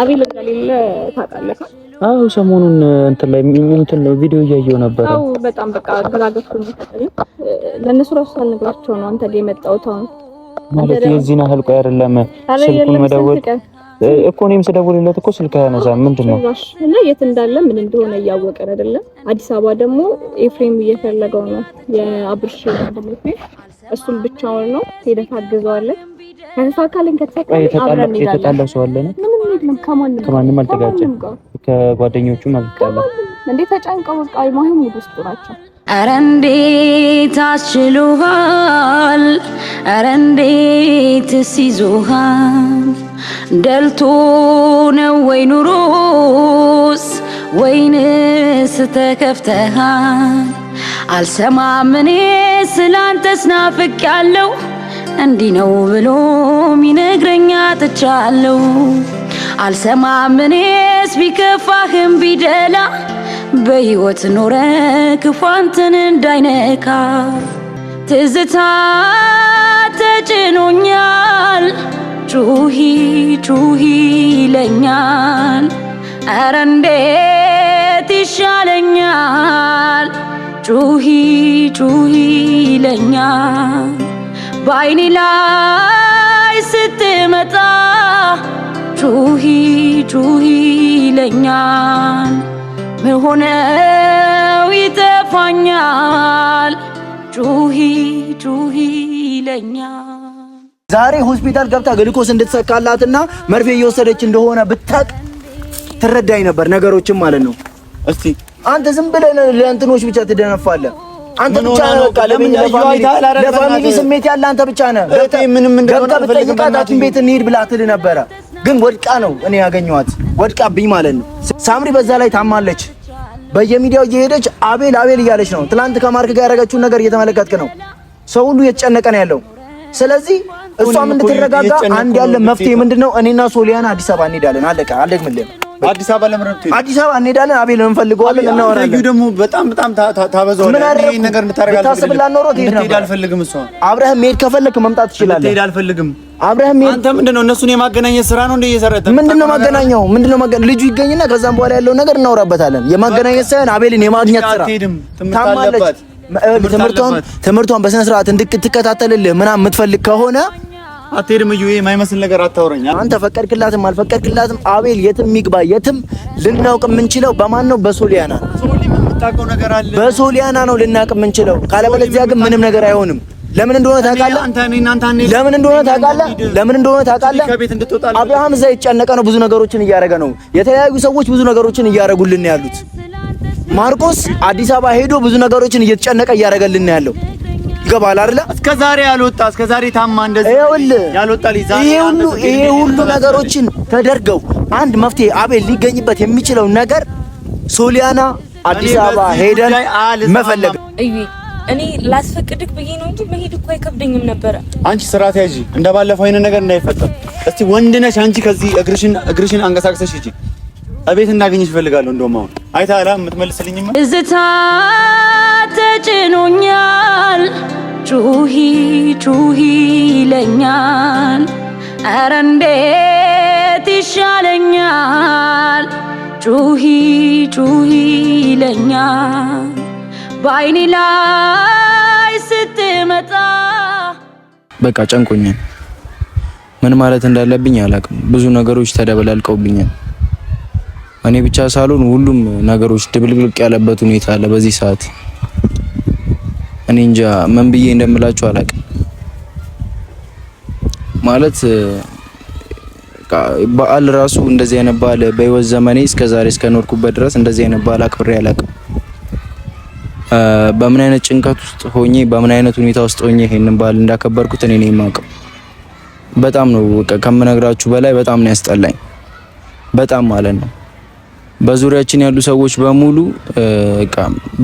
አቤል እንደሌለ ታውቃለህ? አዎ ሰሞኑን እንትን ላይ እንትን ላይ ቪዲዮ እያየሁ ነበር። አዎ በጣም በቃ ገላገፍኩኝ። ለእነሱ ራሱ ሳልነግራቸው ነው አንተ ላይ የመጣሁት። አሁን ማለት የዚህን ያህል ቆይ አይደለም ስልኩን መደወል እኮ እኔም ስደውልለት እኮ ስልክ ያነሳ ምንድን ነው እና የት እንዳለ ምን እንደሆነ እያወቀን አይደለም። አዲስ አበባ ደግሞ ኤፍሬም እየፈለገው ነው የአብርሽ እሱም ብቻውን ነው ሄደህ ታግዘዋለህ። ከተሳካልን ከተሳካልን አብረን ሰው አለ ምንም ከማንም ከማንም አልተጋጨም። ከጓደኞቹም አልተጣላም። እንዴ ተጨንቀው በቃ ማይሆን ሙድ ውስጡ ናቸው። ኧረ እንዴት አስችሉሃል? ኧረ እንዴት ሲይዙሃል? ደልቶ ነው ወይ ኑሮስ ወይንስ ተከፍተሃል? አልሰማም እኔ ስላንተስ ናፍቅ ያለው እንዲህ ነው ብሎ ሚነግረኛ ጥቻለሁ። አልሰማም እኔስ ቢከፋህም ቢደላ በሕይወት ኖረ ክፋንትን እንዳይነካ ትዝታ ተጭኖኛል ጩሂ ጩሂ ይለኛል። ኧረ እንዴት ይሻለኛል? ጩሂ ጩሂ ይለኛል። በአይኔ ላይ ስትመጣ ጩሂ ጩሂ ይለኛል። ምሆነው ይጠፋኛል። ጩሂ ጩሂ ይለኛል። ዛሬ ሆስፒታል ገብታ ግልኮስ እንድትሰካላትና መርፌ እየወሰደች እንደሆነ ብታቅ ትረዳኝ ነበር ነገሮችን ማለት ነው። እስቲ አንተ ዝም ብለህ ለእንትኖች ብቻ ትደነፋለህ። አንተ ብቻ ነው ለፋሚሊ ስሜት ያለ አንተ ብቻ ነህ። ምንም ቤት እንሂድ ብላ ትል ነበረ፣ ግን ወድቃ ነው እኔ ያገኘኋት ወድቃብኝ ማለት ነው። ሳምሪ በዛ ላይ ታማለች። በየሚዲያው እየሄደች አቤል አቤል እያለች ነው። ትናንት ከማርክ ጋር ያደረገችውን ነገር እየተመለከትክ ነው። ሰው ሁሉ እየተጨነቀ ነው ያለው። ስለዚህ እሷም እንድትረጋጋ አንድ ያለ መፍትሄ ምንድነው? እኔና ሶሊያና አዲስ አበባ እንሄዳለን። አለቀ። አልደግምልህም። አዲስ አበባ ለምረጥ አዲስ አበባ እንሄዳለን። አቤል እንፈልገዋለን፣ እናወራለን። እዩ ደግሞ በጣም በጣም ታበዛዋለህ። ይሄን ነገር እንድታረጋጋ ልትሄድ አልፈልግም። እሷ አብረህም መሄድ ከፈለክ መምጣት ትችላለህ። ልትሄድ አልፈልግም። አብረህም አንተ ምንድነው እነሱን የማገናኘት ስራ ነው እንደ እየሰራህ ምንድነው ማገናኘው? ምንድነው ማገናኘ ልጁ ይገኝና ከዛም በኋላ ያለው ነገር እናወራበታለን። የማገናኘት ሳይሆን አቤልን የማግኘት ስራ ትምህርቷን ትምህርቷን በስነ ስርዓት እንድትከታተልልህ ምናምን የምትፈልግ ከሆነ አትሄድም እዩ፣ የማይመስል ነገር አታውረኝ። አንተ ፈቀድክላትም አልፈቀድክላትም አቤል የትም ይግባ የትም ልናውቅ የምንችለው በማን ነው? በሶሊያና በሶሊያና ነው ልናውቅ የምንችለው። ካለበለዚያ ግን ምንም ነገር አይሆንም። ለምን እንደሆነ ታውቃለህ? ለምን እንደሆነ ታውቃለህ? ለምን እንደሆነ ታውቃለህ? አብርሃም እዛ የተጨነቀ ነው። ብዙ ነገሮችን እያደረገ ነው። የተለያዩ ሰዎች ብዙ ነገሮችን እያደረጉልን ያሉት። ማርቆስ አዲስ አበባ ሄዶ ብዙ ነገሮችን እየተጨነቀ እያደረገልን ያለው ይገባል አይደለ? እስከ ዛሬ ያልወጣ እስከ ዛሬ ታማ እንደዚህ ያልወጣ ይሄ ሁሉ ይሄ ሁሉ ነገሮችን ተደርገው አንድ መፍትሄ አቤል ሊገኝበት የሚችለው ነገር ሶሊያና አዲስ አበባ ሄደን መፈለግ እኔ ላስፈቅድክ ብዬ ነው እንጂ መሄድ እኮ አይከብደኝም ነበረ። አንቺ ስራ ተያጂ፣ እንደባለፈው አይነት ነገር እንዳይፈጠር። እስቲ ወንድ ነሽ አንቺ። ከዚህ እግርሽን እግርሽን አንቀሳቅሰሽ ሂጂ። እቤት እንዳገኘሽ እፈልጋለሁ። እንደውም አሁን አይታ አላ እዝታ ተጭኖኛል ጩሂ ጩሂ ይለኛል። ኧረ እንዴት ይሻለኛል? ጩሂ ጩሂ ይለኛል። በአይኔ ላይ ስትመጣ በቃ ጨንቆኛል። ምን ማለት እንዳለብኝ አላቅም ብዙ ነገሮች ተደበላልቀውብኛል። እኔ ብቻ ሳልሆን ሁሉም ነገሮች ድብልቅልቅ ያለበት ሁኔታ አለ በዚህ ሰዓት እኔ እንጃ ምን ብዬ እንደምላችሁ አላውቅም። ማለት በዓል ራሱ እንደዚህ አይነት በዓል በህይወት ዘመኔ እስከ ዛሬ እስከኖርኩበት ድረስ እንደዚህ አይነት በዓል አክብሬ አላውቅም። በምን አይነት ጭንቀት ውስጥ ሆኜ በምን አይነት ሁኔታ ውስጥ ሆኜ ይሄንን በዓል እንዳከበርኩት እኔ ነኝ የማውቀው። በጣም ነው ከምነግራችሁ በላይ በጣም ነው ያስጠላኝ። በጣም ማለት ነው በዙሪያችን ያሉ ሰዎች በሙሉ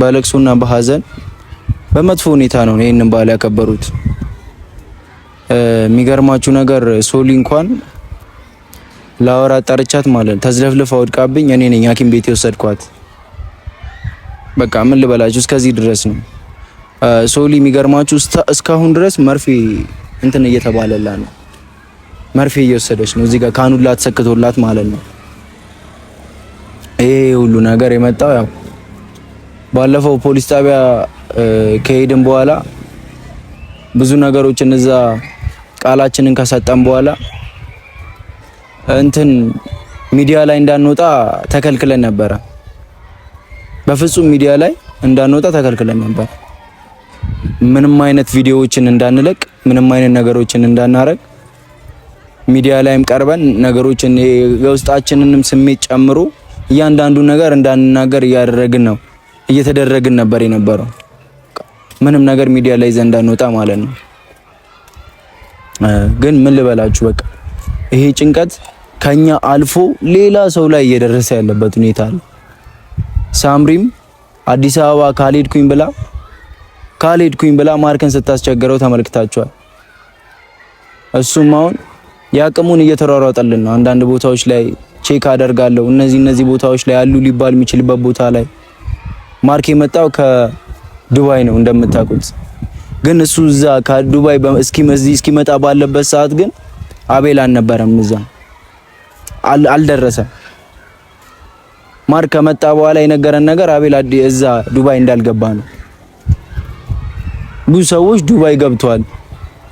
በለቅሶና በሀዘን በመጥፎ ሁኔታ ነው ይህንን ባል ያከበሩት። የሚገርማችሁ ነገር ሶሊ እንኳን ላወራት ጠርቻት ማለት ተዝለፍልፍ አውድቃብኝ እኔ ነኝ ሐኪም ቤት የወሰድኳት። በቃ ምን ልበላችሁ እስከዚህ ድረስ ነው ሶሊ። የሚገርማችሁ እስካሁን ድረስ መርፌ እንትን እየተባለላ ነው፣ መርፌ እየወሰደች ነው። እዚህ ጋር ካኑላ ተሰክቶላት ማለት ነው። ይሄ ሁሉ ነገር የመጣው ያው ባለፈው ፖሊስ ጣቢያ ከሄድን በኋላ ብዙ ነገሮችን እዛ ቃላችንን ከሰጠን በኋላ እንትን ሚዲያ ላይ እንዳንወጣ ተከልክለን ነበረ። በፍጹም ሚዲያ ላይ እንዳንወጣ ተከልክለን ነበር። ምንም አይነት ቪዲዮዎችን እንዳንለቅ፣ ምንም አይነት ነገሮችን እንዳናረግ፣ ሚዲያ ላይም ቀርበን ነገሮችን የውስጣችንንም ስሜት ጨምሮ እያንዳንዱ ነገር እንዳንናገር እያደረግን ነው እየተደረግን ነበር የነበረው። ምንም ነገር ሚዲያ ላይ ዘንድ አንወጣ ማለት ነው። ግን ምን ልበላችሁ፣ በቃ ይሄ ጭንቀት ከኛ አልፎ ሌላ ሰው ላይ እየደረሰ ያለበት ሁኔታ አለ። ሳምሪም አዲስ አበባ ካልሄድኩኝ ብላ ካልሄድኩኝ ብላ ማርከን ስታስቸገረው ተመልክታችኋል። እሱም አሁን የአቅሙን እየተሯሯጠልን ነው። አንዳንድ ቦታዎች ላይ ቼክ አደርጋለሁ እነዚህ እነዚህ ቦታዎች ላይ አሉ ሊባል የሚችልበት ቦታ ላይ ማርክ የመጣው ከ ዱባይ ነው እንደምታውቁት። ግን እሱ እዛ ከዱባይ እስኪመጣ ባለበት ሰዓት ግን አቤል አልነበረም፣ እዛ አልደረሰም። ማር ከመጣ በኋላ የነገረን ነገር አቤል እዛ ዱባይ እንዳልገባ ነው። ብዙ ሰዎች ዱባይ ገብቷል፣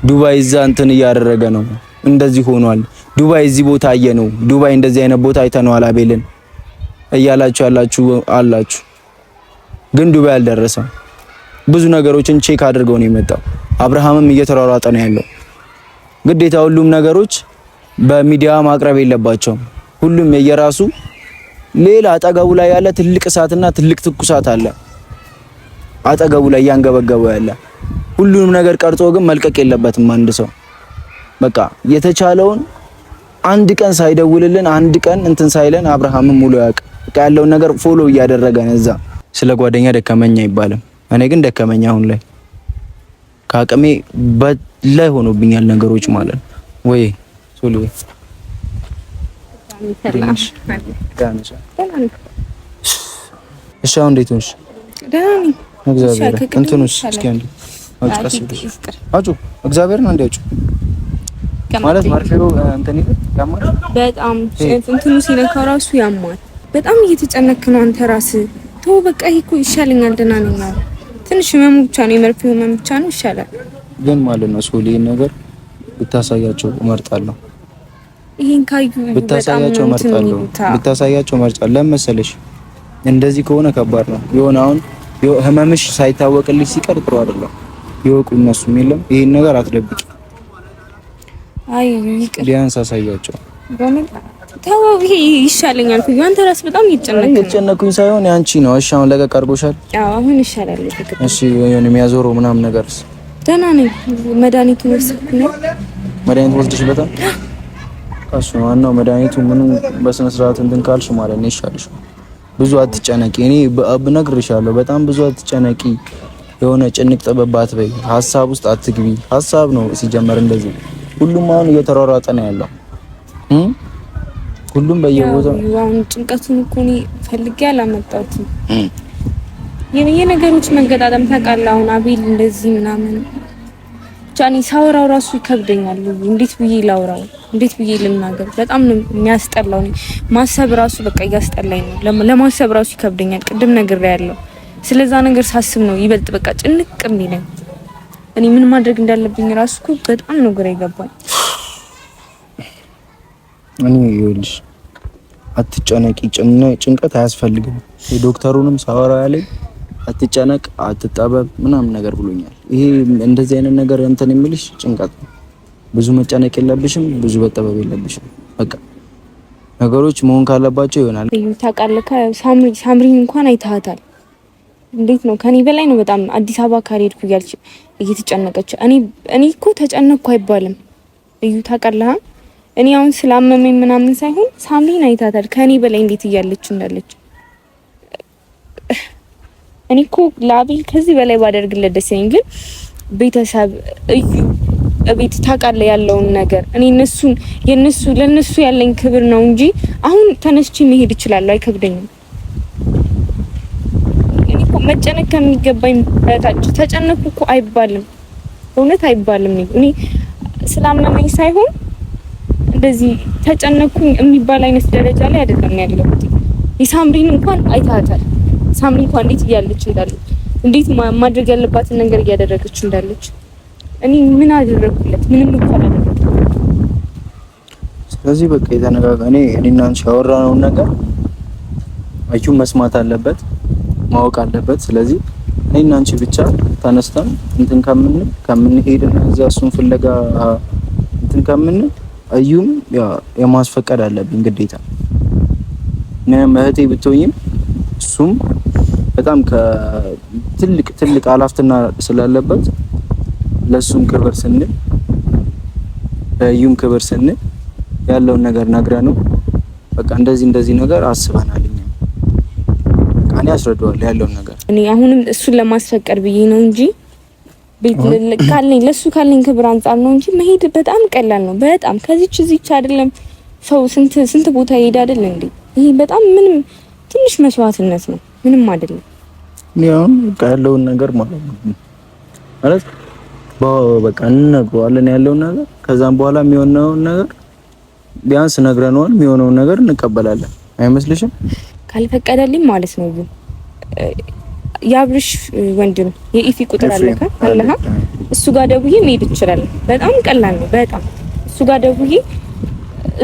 ዱባይ እዛ እንትን እያደረገ ነው፣ እንደዚህ ሆኗል፣ ዱባይ እዚህ ቦታ አየ ነው፣ ዱባይ እንደዚህ አይነት ቦታ አይተነዋል አቤልን እያላችሁ ያላችሁ አላችሁ፣ ግን ዱባይ አልደረሰም። ብዙ ነገሮችን ቼክ አድርገው ነው የመጣው። አብርሃምም እየተሯሯጠ ነው ያለው። ግዴታ ሁሉም ነገሮች በሚዲያ ማቅረብ የለባቸውም። ሁሉም የየራሱ ሌላ አጠገቡ ላይ ያለ ትልቅ እሳትና ትልቅ ትኩሳት አለ፣ አጠገቡ ላይ እያንገበገበው ያለ። ሁሉንም ነገር ቀርጾ ግን መልቀቅ የለበትም አንድ ሰው በቃ የተቻለውን አንድ ቀን ሳይደውልልን አንድ ቀን እንትን ሳይለን አብርሃምም ሙሉ ያውቅ ያለውን ነገር ፎሎ እያደረገን እዛ ስለ ጓደኛ ደከመኝ አይባልም። እኔ ግን ደከመኝ። አሁን ላይ ከአቅሜ በላይ ሆኖብኛል ነገሮች ማለት ወይ ሶሊ እሺ አሁን እንዴት ነሽ? እግዚአብሔር እንትኑስ ማለት ማርፌው እንትን ይል ያማል በጣም እንትኑ ሲነካው ራሱ ያማል። በጣም እየተጨነክ ነው አንተ ራስህ። ተው በቃ ይሄ እኮ ይሻለኛል፣ ደህና ነኝ። ትንሽ ህመሙ ብቻ ነው፣ የመርፌ ህመም ብቻ ነው። ይሻላል ግን ማለት ነው ሶሊ ነገር ብታሳያቸው እመርጣለሁ። ይሄን ካዩ ብታሳያቸው እመርጣለሁ። ብታሳያቸው እመርጣለሁ። ለምን መሰለሽ እንደዚህ ከሆነ ከባድ ነው። የሆነ አሁን ህመምሽ ሳይታወቅልሽ ሲቀር ጥሩ አይደለም። ይወቁ እነሱ የለም ይሄን ነገር አትደብቅ። አይ ይቅር፣ ቢያንስ አሳያቸው። ተው፣ ይሄ ይሻለኛል። አንተ ራስህ በጣም እየጨነቅክ ነው። ሳይሆን ያንቺ ነው። እሺ፣ አሁን ለቀቅ አድርጎሻል? አዎ፣ አሁን ይሻላል። እሺ፣ የሆነ የሚያዞረው ምናምን ነገርስ? ደህና ነኝ። መድኃኒቱ ወሰድኩ ነው። መድኃኒቱ ወስደሽበታል? እሱ ዋናው መድኃኒቱ ምኑ በስነ ስርዓት እንትን ካልሽ ማለት ነው ይሻልሻል። ብዙ አትጨነቂ። እኔ ብነግርሻለሁ፣ በጣም ብዙ አትጨነቂ። የሆነ ጭንቅ ጥበባት በይ፣ ሀሳብ ውስጥ አትግቢ። ሀሳብ ነው ሲጀመር እንደዚህ። ሁሉም አሁን እየተሯሯጠ ነው ያለው ሁሉም በየቦታው አሁን ጭንቀቱን እኮ እኔ ፈልጌ አላመጣሁትም። ነገሮች መገጣጠም ታውቃለህ። አሁን አቤል እንደዚህ ምናምን ብቻ እኔ ሳወራው ራሱ ይከብደኛል። እንዴት ብዬ ላውራው? እንዴት ብዬ ልናገር? በጣም ነው የሚያስጠላው። ማሰብ ራሱ በቃ እያስጠላኝ ነው። ለማሰብ ራሱ ይከብደኛል። ቅድም ነግሬያለሁ። ስለዛ ነገር ሳስብ ነው ይበልጥ በቃ ጭንቅ የሚለኝ። እኔ ምን ማድረግ እንዳለብኝ ራሱ እኮ በጣም ነው ግራ ይገባኝ። እኔ ይኸውልሽ አትጨነቂ፣ ጭንቀት አያስፈልግም። የዶክተሩንም ሳወራ ያለኝ አትጨነቅ፣ አትጠበብ ምናምን ነገር ብሎኛል። ይሄ እንደዚህ አይነት ነገር እንትን የሚልሽ ጭንቀት ነው። ብዙ መጨነቅ የለብሽም፣ ብዙ መጠበብ የለብሽም። በቃ ነገሮች መሆን ካለባቸው ይሆናል። ታውቃለህ፣ ሳምሪን እንኳን አይተሃታል። እንዴት ነው ከኔ በላይ ነው። በጣም አዲስ አበባ ካልሄድኩ እያለች እየተጨነቀች እኔ እኔ እኮ ተጨነቅኩ አይባልም። እዩ ታውቃለህ እኔ አሁን ስላመመኝ ምናምን ሳይሆን ሳምሪን አይታታል ከኔ በላይ እንዴት እያለች እንዳለች። እኔ እኮ ለአቤል ከዚህ በላይ ባደርግለት ደስ ይለኝ፣ ግን ቤተሰብ እዩ ቤት ታውቃለህ ያለውን ነገር እኔ እነሱን የነሱ ለነሱ ያለኝ ክብር ነው እንጂ አሁን ተነስቼ መሄድ እችላለሁ፣ አይከብደኝም። እኔ መጨነቅ ከሚገባኝ በታች ተጨነኩ እኮ አይባልም፣ እውነት አይባልም። እኔ ስላመመኝ ሳይሆን እንደዚህ ተጨነኩኝ የሚባል አይነት ደረጃ ላይ አይደለም ያለው። የሳምሪን እንኳን አይታታል። ሳምሪ እንኳን እንዴት እያለች እንዳለች፣ እንዴት ማድረግ ያለባትን ነገር እያደረገች እንዳለች። እኔ ምን አደረግኩለት? ምንም እንኳን አደረግ ስለዚህ በቃ የተነጋገ እኔ እኔና አንቺ ያወራነውን ነገር አዩ መስማት አለበት፣ ማወቅ አለበት። ስለዚህ እኔና አንቺ ብቻ ተነስተን እንትን ከምንል ከምንሄድና እዛ እሱን ፍለጋ እንትን ከምንል እዩም የማስፈቀድ አለብኝ ግዴታ። ምንም እህቴ ብትሆኝም እሱም በጣም ትልቅ ትልቅ አላፍትና ስላለበት ለእሱም ክብር ስንል ለእዩም ክብር ስንል ያለውን ነገር ነግረ ነው በቃ እንደዚህ እንደዚህ ነገር አስበናል እኛ በቃ እኔ አስረዳዋለሁ ያለውን ነገር እኔ አሁንም እሱን ለማስፈቀድ ብዬ ነው እንጂ ቤት ካለኝ ለሱ ካለኝ ክብር አንጻር ነው እንጂ መሄድ በጣም ቀላል ነው። በጣም ከዚች እዚች አይደለም ሰው ስንት ስንት ቦታ ይሄድ አይደል እንዴ? ይሄ በጣም ምንም ትንሽ መስዋዕትነት ነው፣ ምንም አይደለም። ያው ያለውን ነገር ማለት ማለት በቃ እንነግረዋለን ያለውን ነገር። ከዛም በኋላ የሚሆነውን ነገር ቢያንስ ነግረነዋል፣ የሚሆነውን ነገር እንቀበላለን። አይመስልሽም? ካልፈቀደልኝ ማለት ነው የአብርሽ ወንድም የኢፊ ቁጥር አለከ አለሀ እሱ ጋር ደውዬ መሄድ ይችላል። በጣም ቀላል ነው። በጣም እሱ ጋር ደውዬ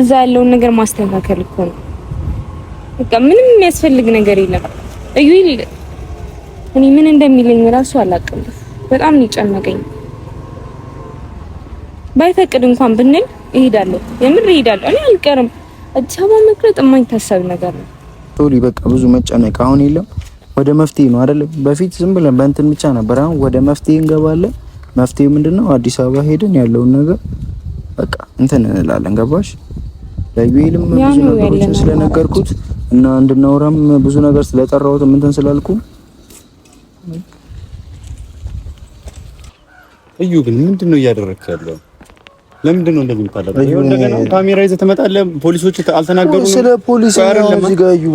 እዛ ያለውን ነገር ማስተካከል እኮ ነው። በቃ ምንም የሚያስፈልግ ነገር የለም። እዩ እኔ ምን እንደሚለኝ ራሱ አላውቅም። በጣም ነው የጨነቀኝ። ባይፈቅድ እንኳን ብንል እሄዳለሁ፣ የምር እሄዳለሁ። እኔ አልቀርም። አዲስ አበባ መቅረት የማይታሰብ ነገር ነው። ቶሊ በቃ ብዙ መጨነቅ አሁን የለም። ወደ መፍትሄ ነው አይደለም። በፊት ዝም ብለን በእንትን ብቻ ነበር። አሁን ወደ መፍትሄ እንገባለን። መፍትሄ ምንድነው አዲስ አበባ ሄደን ያለውን ነገር በቃ እንትን እንላለን። ገባሽ? ለዩኤልም ብዙ ነገሮችን ስለነገርኩት እና እንድናወራም ብዙ ነገር ስለጠራሁትም እንትን ስላልኩ እዩ ግን ምንድን ነው እያደረግክ ያለው? ለምንድን ነው እንደዚህ የምታደርገው? ይኸው እንደገና ካሜራ ይዘህ ትመጣለህ። ፖሊሶች አልተናገሩም። ስለ ፖሊስ ነው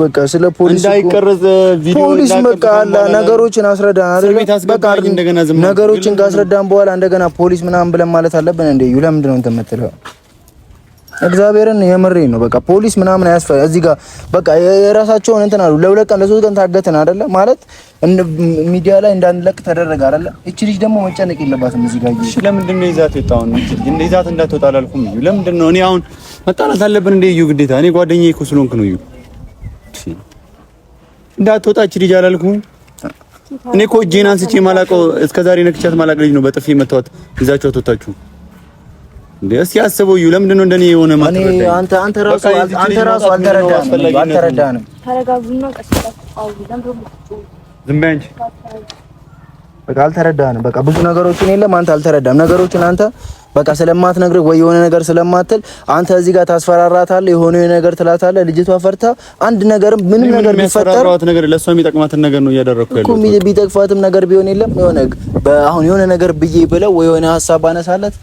በቃ ስለ ፖሊስ እንዳይቀረጽ ቪዲዮ ፖሊስ በቃ አላ ነገሮችን አስረዳን አይደል? በቃ እንደገና ዝም ነገሮችን ካስረዳን በኋላ እንደገና ፖሊስ ምናምን ብለን ማለት አለብን እንዴ? ለምንድን ነው እንትን የምትለው? እግዚአብሔርን የምሬ ነው። በቃ ፖሊስ ምናምን ያስፈራ እዚህ ጋር በቃ የራሳቸውን እንትን አሉ። ለሁለት ቀን ለሶስት ቀን ታገትን አይደለ ማለት ሚዲያ ላይ እንዳንለቅ ተደረገ አይደለ። እቺ ልጅ ደግሞ መጨነቅ የለባትም እዚህ ጋር። እሺ ለምንድን ነው ይዛት የወጣው? እንዴ እንዴ ይዛት እንዳትወጣ አላልኩም። እዩ ለምንድን ነው እኔ አሁን መጣላት አለብን እንዴ? እዩ ግዴታ? እኔ ጓደኛዬ እኮ ስለሆንክ ነው እዩ። እንዳትወጣ እቺ ልጅ አላልኩም እኔ እኮ እጄን አንስቼ ማላውቀው እስከዛሬ ነክቻት ማላውቅ ልጅ ነው በጥፊ መተዋት ይዛችኋት ወጣችሁ እስኪ አስበው። እዩ ለምንድን ነው እንደኔ የሆነ ማትረዳ? አንተ አንተ ራሱ አንተ ራሱ አልተረዳንም፣ አልተረዳንም። ተረጋጉና በቃ አልተረዳንም። በቃ ብዙ ነገሮችን የለም አንተ አልተረዳም ነገሮችን አንተ በቃ ስለማትነግርህ ወይ የሆነ ነገር ስለማትል አንተ እዚህ ጋር ታስፈራራታለህ፣ የሆነ ነገር ትላታለህ። ልጅቷ ፈርታ አንድ ነገር ምንም ነገር ቢፈጠር ነገር ለሷ የሚጠቅማትን ነገር ነው እያደረኩ ያለው እኮ ቢጠቅፋትም ነገር ቢሆን የለም የሆነ አሁን የሆነ ነገር ብዬ ብለው ወይ የሆነ ሀሳብ አነሳለት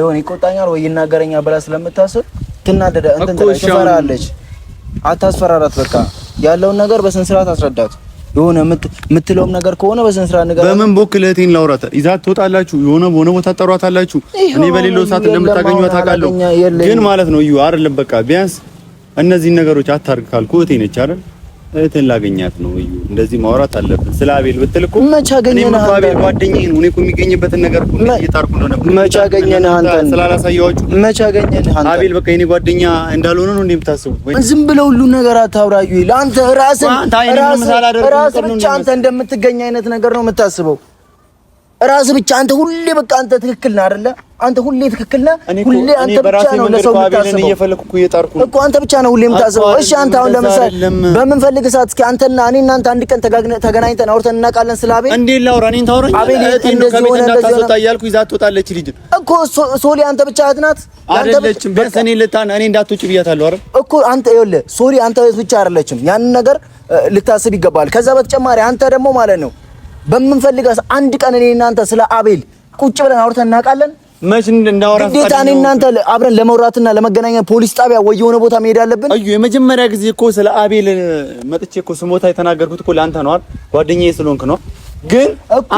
የሆነ ይቆጣኛል ወይ ይናገረኛል ብላ ስለምታስብ ትናደደ እንትን ትፈራለች። አታስፈራራት። በቃ ያለውን ነገር በስነ ስርዓት አስረዳት። የሆነ የምትለውም ነገር ከሆነ በስነ ስራ ነገር በምን ቦክ እህቴን ላውራት ይዛት ትወጣላችሁ፣ የሆነ በሆነ ቦታ ጠሯታላችሁ። እኔ በሌለው ሰዓት እንደምታገኙ አውቃለሁ። ግን ማለት ነው እዩ አይደለም በቃ ቢያንስ እነዚህን ነገሮች አታርግ ካልኩ እህቴ ነች አይደል እህትን ላገኛት ነው እዩ እንደዚህ ማውራት አለብን ስለ አቤል ብትል እኮ መች አገኘነህ አንተ አቤል ጓደኛዬ ነው እኔ እኮ የሚገኝበትን ነገር እኮ እየጣርኩ ነው ነበር መች አገኘነህ አንተ ስላላሳየኋችሁ መች አገኘነህ አንተ አቤል በቃ የኔ ጓደኛ እንዳልሆነ ነው እንደምታስቡ ዝም ብለው ሁሉ ነገር አታውራዩ ለአንተ ራስን ራስን ብቻ አንተ እንደምትገኝ አይነት ነገር ነው የምታስበው ራስ ብቻ አንተ ሁሌ በቃ አንተ ትክክል ነህ አይደለ? አንተ ሁሌ ትክክል ነህ። ሁሌ አንተ ብቻ ነው ለሰው የምታስበው እኮ አንተ ብቻ ነው ሁሌ የምታስበው። እሺ አንተ አሁን ለምሳሌ በምንፈልግ ሰዓት እስኪ አንተና እኔ እናንተ አንድ ቀን ተገናኝተን አውርተን እናውቃለን ስለ አቤል? እንዴት ላውራ? እኔን ታውራኝ? አቤል እንደዚህ ሆነ እንደዚህ ሆነ እያልኩ ይዛት ትወጣለች ልጅ እኮ ሶሊ አንተ ብቻ ናት አይደለችም። ቢያንስ እኔ ልታን እኔ እንዳትወጪ ብያታለሁ አይደል እኮ አንተ ይኸውልህ ሶሊ አንተ ብቻ አይደለችም። ያንን ነገር ልታስብ ይገባል። ከዛ በተጨማሪ አንተ ደግሞ ማለት ነው በምንፈልጋት አንድ ቀን እኔ እናንተ ስለ አቤል ቁጭ ብለን አውርተን እናውቃለን? መች እንዳወራ ግዴታ እኔ እናንተ አብረን ለመውራትና ለመገናኛ ፖሊስ ጣቢያ ወይ የሆነ ቦታ መሄድ አለብን። አዩ የመጀመሪያ ጊዜ እኮ ስለ አቤል መጥቼ እኮ ስሞታ የተናገርኩት እኮ ለአንተ ነው አይደል? ጓደኛዬ ስለሆንክ ነው። ግን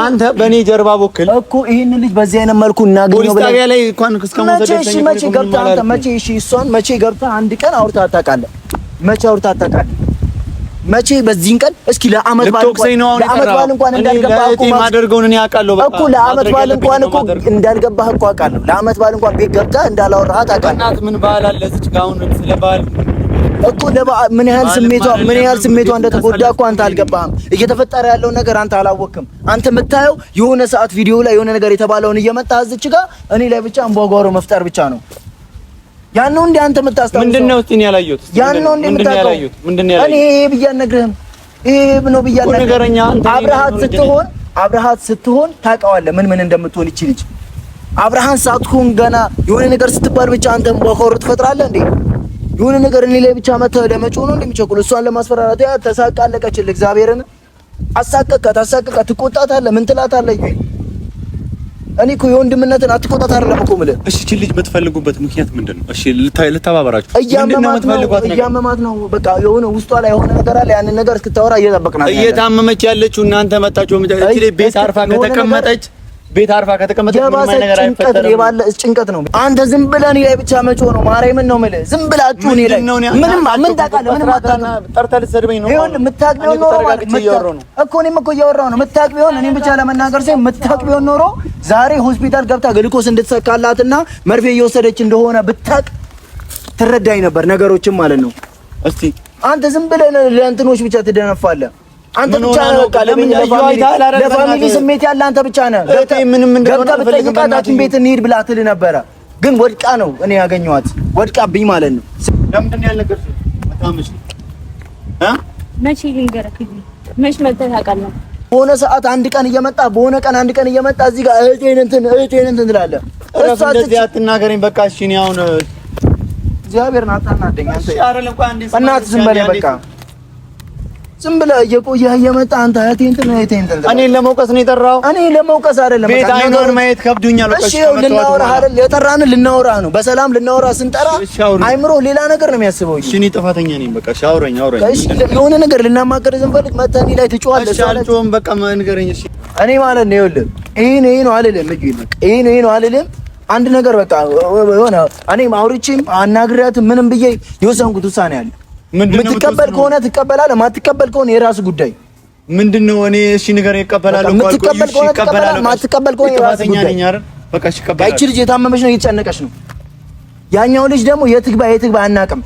አንተ በእኔ ጀርባ ወክል እኮ ይሄን ልጅ በዚህ አይነት መልኩ እናገኘው ብለህ ፖሊስ ጣቢያ ላይ እንኳን እስከ መቼ እሺ፣ መቼ ገብተህ አንተ መቼ እሺ፣ እሷን መቼ ገብተህ አንድ ቀን አውርተህ አታውቃለህ? መቼ አውርተህ አታውቃለህ? መቼ በዚህን ቀን እስኪ ለአመት በዓል እንኳን ለአመት እንኳን እንዳልገባህ እኮ ማደርገውን እኔ አውቃለሁ እኮ ለአመት በዓል እንኳን እኮ እንዳልገባህ እኮ አውቃለሁ። ለአመት በዓል እንኳን ቤት ገብተህ እንዳላወራህ አውቃለሁ። ምን በዓል አለ እዚህ ጋውን አሁን ስለ በዓል እኮ ምን ያህል ስሜቷ ምን ያህል ስሜቷ እንደተጎዳ እኮ አንተ አልገባህም። እየተፈጠረ ያለውን ነገር አንተ አላወቅክም። አንተ የምታየው የሆነ ሰዓት ቪዲዮ ላይ የሆነ ነገር የተባለውን እየመጣህ እዚህ ጋር እኔ ላይ ብቻ እንቧጓሮ መፍጠር ብቻ ነው። ያን ነው እንዴ አንተ የምታስታውሰው? ምንድን ነው እስቲ እኔ ያላየሁት ያን ነው እንዴ የምታውቀው? ምንድን ነው ያላየሁት? እኔ ይሄ ብዬሽ አልነግርህም። ይሄ ነው ብዬሽ አልነግርህም። ነገረኛ ስትሆን አብርሃት ስትሆን ታውቀዋለህ ምን ምን እንደምትሆን ይቺ ልጅ። አብርሃን ሳትሆን ገና የሆነ ነገር ስትባል ብቻ አንተ ባኮር ትፈጥራለህ እንዴ? የሆነ ነገር እኔ ላይ ብቻ መተህ ለመጮህ ነው እንደሚቸኩል እሷን ለማስፈራራት ያ ተሳቃለቀችልህ። እግዚአብሔርን አሳቀቃት፣ አሳቀቃት። ትቆጣታለህ፣ ምን ትላታለህ? እኔ እኮ የወንድምነትን አትቆጣት አይደለም እኮ የምልህ። እሺ እቺ ልጅ የምትፈልጉበት ምክንያት ምንድን ነው? እሺ ልታባበራችሁ እያመማት ነው። በቃ የሆነ ውስጧ ላይ የሆነ ነገር አለ። ያንን ነገር እስክታወራ እየጠበቅናት እየታመመች ያለችው እናንተ መጣችሁ ቤት አርፋ ከተቀመጠች ቤት አርፋ ከተቀመጠ ምንም ነገር አይፈጠርም። የባለ ጭንቀት ነው። አንተ ዝም ብለህ እኔ ላይ ብቻ መጮህ ነው። ማርያምን ነው የምልህ። ዝም ብላችሁ እኔ ላይ ምንም ምን ታውቃለህ? ምንም አታውቅም። ጠርተህ ልትሰድበኝ ነው ይሁን ምታውቅ ቢሆን ኖሮ ማለት እኮ እኔም እኮ እያወራሁ ነው። ምታውቅ ቢሆን እኔም ብቻ ለመናገር ሳይሆን ምታውቅ ቢሆን ኖሮ ዛሬ ሆስፒታል ገብታ ግልኮስ እንድትሰካላትና መርፌ እየወሰደች እንደሆነ ብታውቅ ትረዳኝ ነበር ነገሮችን ማለት ነው። እስቲ አንተ ዝም ብለህ ለእንትኖች ብቻ ትደነፋለህ። አንተ ብቻ ነህ። በቃ ለፋሚሊ ስሜት ያለ አንተ ብቻ ነህ። ምንም እንደሆነ ብትጠይቃት ሐኪም ቤት እንሂድ ብላ ትልህ ነበረ፣ ግን ወድቃ ነው እኔ ያገኘኋት። ወድቃብኝ ማለት ነው። ለምንድን ያልነገርሽው? መቼ ልንገርህ? መች መተህ ታውቃለህ? በሆነ ሰዓት አንድ ቀን እየመጣ በሆነ ቀን አንድ ቀን እየመጣ እዚህ ጋር እህቴን እንትን እህቴን እንትን ትላለህ። እሷ እንደዚህ አትናገረኝ በቃ እሺ። እኔ አሁን እግዚአብሔርን አታናደኝ አንተ። እናትህ ዝም በለኝ በቃ ዝም ብለህ እየቆየህ እየመጣህ አንተ እህቴ እንትን እህቴ እንትን ለመውቀስ ነው የጠራኸው? እኔ ለመውቀስ አይደለም። ቤት ማየት እሺ አይደል የጠራንህ? ነው። በሰላም ልናወራህ ስንጠራ አይምሮህ ሌላ ነገር ነው የሚያስበው። እሺ እኔ ጥፋተኛ ነኝ። በቃ እሺ እሺ የሆነ ነገር ልናማከር መተህ እኔ ላይ እሺ አልጮህም። በቃ እሺ እኔ ማለት ነው ይኸውልህ፣ ይሄን ይሄን ነው አልልህም። እጅ ይልቅ ይሄን ይሄን ነው አልልህም። አንድ ነገር በቃ እኔም አውርቼም አናግሪያትም ምንም ብዬ የወሰንኩት ውሳኔ አለ የምትቀበል ከሆነ ትቀበላለህ፣ ማትቀበል ከሆነ የራሱ ጉዳይ። ምንድን ነው እኔ እሺ ነገር እኮ የምትቀበል ከሆነ ትቀበላለህ፣ ማትቀበል ከሆነ የራሱ ጉዳይ። በቃ እሺ፣ ይቺ ልጅ የታመመች ነው፣ እየተጨነቀች ነው። ያኛው ልጅ ደግሞ የትግባ የትግባ አናውቅም።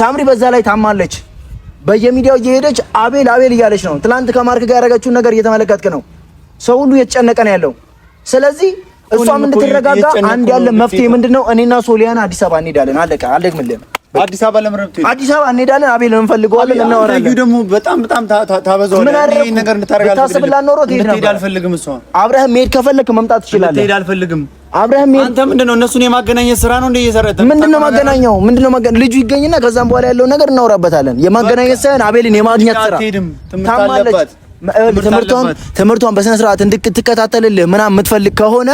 ሳምሪ በዛ ላይ ታማለች። በየሚዲያው እየሄደች አቤል አቤል እያለች ነው። ትላንት ከማርክ ጋር ያደረገችውን ነገር እየተመለከትክ ነው። ሰው ሁሉ እየተጨነቀ ነው ያለው። ስለዚህ እሷም እንድትረጋጋ አንድ ያለ መፍትሄ ምንድነው? እኔና ሶሊያና አዲስ አበባ እንሄዳለን። አለቀ። አልደግምልህም አዲስ አበባ ለምን ረብት አዲስ አበባ እንሄዳለን። አቤል እንፈልገዋለን፣ እናወራለን። እዩ ደግሞ በጣም በጣም ታበዛዋለህ። ይሄን ነገር እንድታረጋግጥ ታስብላን ኖሮ ትሄድ አልፈልግም። እሷ አብረህ መሄድ ከፈለክ መምጣት ትችላለህ። ትሄድ አልፈልግም። አብረህ መሄድ አንተ ምንድን ነው እነሱን የማገናኘት ስራ ነው እንዴ እየሰራህ ምንድን ነው ማገናኘው? ምንድን ነው ማገናኘው? ልጁ ይገኝና ከዛም በኋላ ያለውን ነገር እናወራበታለን። የማገናኘት ሳይሆን አቤልን የማግኘት ስራ ታማለች። ትምህርቷን ትምህርቷን በስነ ስርዓት እንድትከታተልልህ ምናምን የምትፈልግ ከሆነ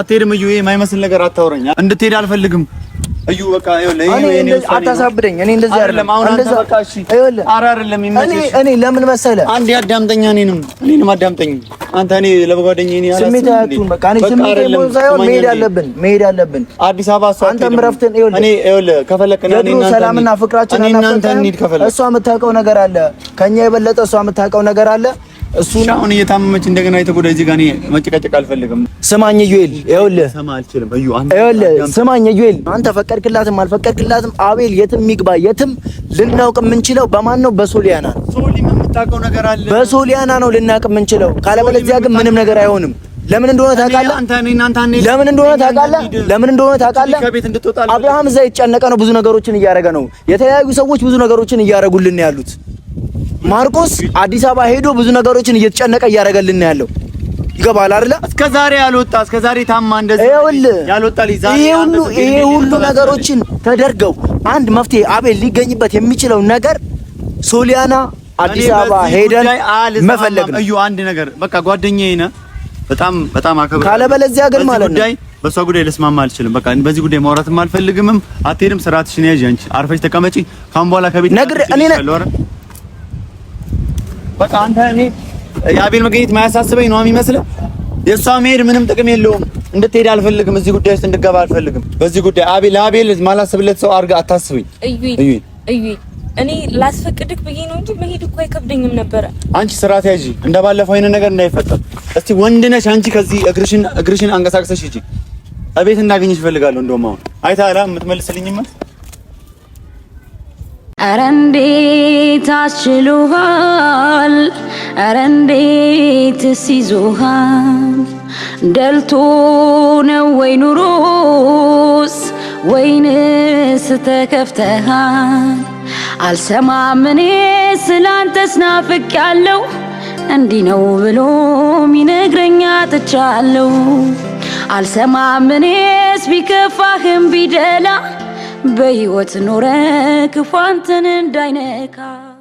አትሄድም እዩ። ይሄ የማይመስል ነገር አታውረኝ። እንድትሄድ አልፈልግም እዩ በቃ አታሳብደኝ። ለምን መሰለህ አንዴ አዳምጠኝ፣ እኔንም እኔንም አዳምጠኝ። አንተ እኔ ለጓደኛዬ እኔ ስሜት አያቱን በቃ እኔ ስሜት ነው ሳይሆን መሄድ አለብን፣ መሄድ አለብን አዲስ አበባ። እሷ አንተም እረፍትን ይኸውልህ፣ እኔ ይኸውልህ፣ ከፈለክ እኔ እናንተ ሰላምና ፍቅራችን እናንተ እንሂድ። ከፈለክ እሷ የምታውቀው ነገር አለ፣ ከኛ የበለጠ እሷ የምታውቀው ነገር አለ እሱ አሁን እየታመመች እንደገና የተጎዳ እዚህ ጋር መጨቃጨቅ አልፈልግም። ስማኝ ዩኤል፣ ይኸውልህ ስማኝ ዩኤል፣ አንተ ፈቀድክላትም አልፈቀድክላትም አቤል የትም ይግባ የትም ልናውቅ የምንችለው በማን ነው? በሶሊያና በሶሊያና ነው ልናውቅ የምንችለው። ካለበለዚያ ግን ምንም ነገር አይሆንም። ለምን እንደሆነ ታውቃለህ? ለምን እንደሆነ ታውቃለህ? ለምን እንደሆነ ታውቃለህ? አብርሃም እዛ የተጨነቀ ነው። ብዙ ነገሮችን እያደረገ ነው። የተለያዩ ሰዎች ብዙ ነገሮችን እያደረጉልን ያሉት ማርቆስ አዲስ አበባ ሄዶ ብዙ ነገሮችን እየተጨነቀ እያደረገልን ያለው። ይገባል አይደለ? እስከ ዛሬ ያልወጣ እስከ ዛሬ ታማ እንደዚህ ያልወጣ ይሄ ሁሉ ይሄ ሁሉ ነገሮችን ተደርገው አንድ መፍትሄ አቤል ሊገኝበት የሚችለው ነገር ሶሊያና አዲስ አበባ ሄደን መፈለግ ነው። እዩ አንድ ነገር በቃ ጓደኛዬ ነህ፣ በጣም በጣም አከብር። በለዚያ ግን ማለት ነው ጉዳይ በእሷ ጉዳይ ልስማማ አልችልም። በቃ በዚህ ጉዳይ ማውራትም አልፈልግምም። አትሄድም፣ ስርዓትሽን ያዥ። አንቺ አርፈሽ ተቀመጪ። ካሁን በኋላ ከቤት ነግሬ እኔ በቃ አንተ እኔ የአቤል መገኘት የማያሳስበኝ ነው የሚመስልህ? የእሷ መሄድ ምንም ጥቅም የለውም። እንድትሄድ አልፈልግም። እዚህ ጉዳይ ውስጥ እንድገባ አልፈልግም። በዚህ ጉዳይ አቤል ለአቤል ማላስብለት ሰው አድርገህ አታስብኝ። እዩ እዩ እኔ ላስፈቅድክ ብዬ ነው እንጂ መሄድ እኮ አይከብደኝም ነበረ። አንቺ ስራ ተያዥ፣ እንደባለፈው አይነት ነገር እንዳይፈጠር። እስቲ ወንድ ነሽ አንቺ። ከዚህ እግርሽን እግርሽን አንቀሳቅሰሽ ሂጂ። እቤት እንዳገኘሽ እፈልጋለሁ። እንደውም አሁን አይተሃል የምትመልስልኝ መልስ እረ እንዴት አስችሎሃል? እረ እንዴትስ ይዞሃል? ደልቶ ነው ወይ ኑሮስ? ወይንስ ተከፍተሃል? አልሰማም እኔ ስላንተስ ያለው እንዲህ ነው ብሎ ሚነግረኝ አጥቻለሁ። አልሰማም እኔስ ቢከፋህም ቢደላ በሕይወት ኖረ ክፉ አንተን እንዳይነካ